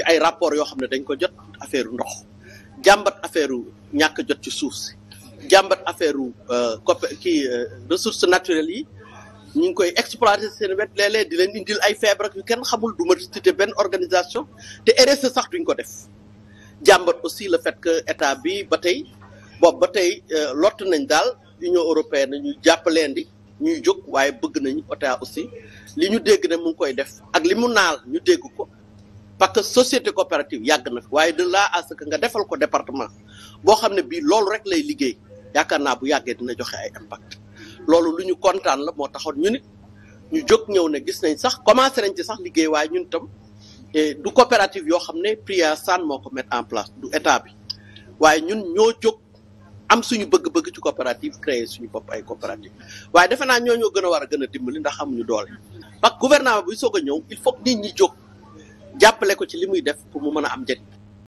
ci ay rapport yoo xam ne dañ ko jot affaire ndox jàmbat affaire ñàkk jot ci suuf si jàmbat affaire euh, cop kii euh, ressources naturelles yi ñu ngi koy exploité seen wet di leen indil ay feebar yu kenn xamul du ma benn organisation te RSE sax duñ ko def jàmbat aussi le fait que état bi ba tey boobu ba tey euh, lott nañ daal Union européenne ñu jàppaleen di ñuy jóg waaye bëgg nañ OTA aussi li ñu dégg ne mu ngi koy def ak li mu naal ñu dégg parce que société coopérative yàgg na fi waaye de là à ce nga defal ko département boo xam ne bii loolu rek lay liggéey yaakaar naa bu yàggee dina joxe ay impact loolu lu ñu kontaan la moo taxoon ñu nit ñu jóg ñëw ne gis nañ sax commencé nañ ci sax liggéey waaye ñun tam eh, du coopérative yoo xam ne Priya Sane moo ko mettre en place du état bi waaye ñun ñoo jóg am suñu bëgg-bëgg ci coopérative créer suñu bopp ay coopérative waaye defe naa ñoo ñoo gën a war gën a dimbali ndax amuñu doole parce que gouvernement ñi jóg jàppale ko ci li muy def pour mu mën a am njëriñ